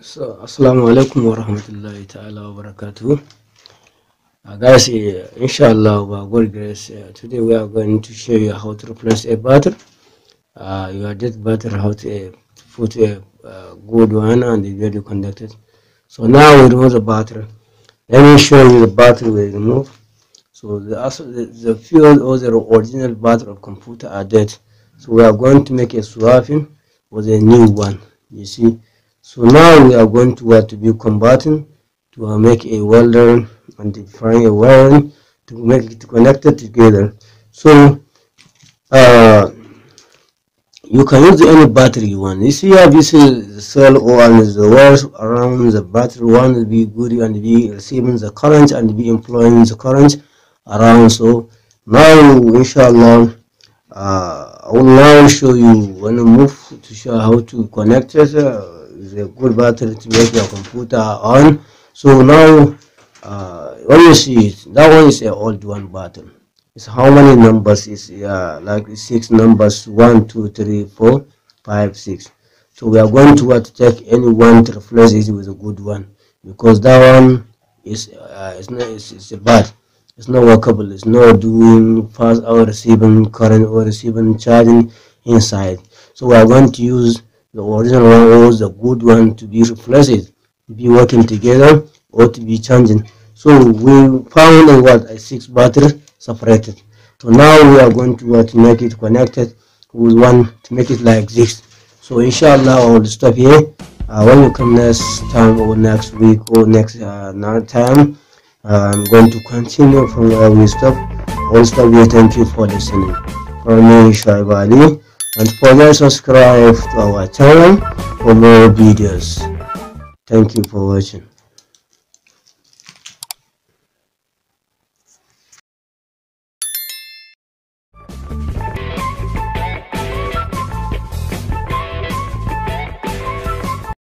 So, assalamu alaikum wa rahmatullahi ta'ala wa barakatuh. Uh, guys, uh, inshallah, by God grace, uh, today we are going to show you how to replace a battery. Uh, your dead battery, how to uh, put a uh, good one and the will conducted. So now we remove the battery. Let me show you the battery we remove. So the, the, the fuel or the original battery of computer are dead. So we are going to make a swapping with a new one. You see, so now we are going to what uh, to be converting to uh, make a welder and define a wiring to make it connected together. So uh, you can use any battery you want. You you obviously, this cell or and the wires around the battery, one will be good and be receiving the current and be employing the current around. So now, inshallah, uh, I will now show you when to move to show how to connect it. Uh, a good battery to make your computer on so now uh, when you see it that one is an old one button it's how many numbers is uh, like six numbers one two three four five six so we are going to what uh, take any one to replace it with a good one because that one is uh, it's not it's, it's bad it's not workable it's not doing fast or receiving current or receiving charging inside so we are going to use the original one was the good one to be replaced, to be working together or to be changing. So we found what a six battery separated. So now we are going to, uh, to make it connected. We want to make it like this. So inshallah, I will stop here. Uh, when you come next time or next week or next uh, another time, uh, I'm going to continue from where we stop. I'll stop here. Thank you for listening. From me, Shaibali and please subscribe to our channel for more videos thank you for watching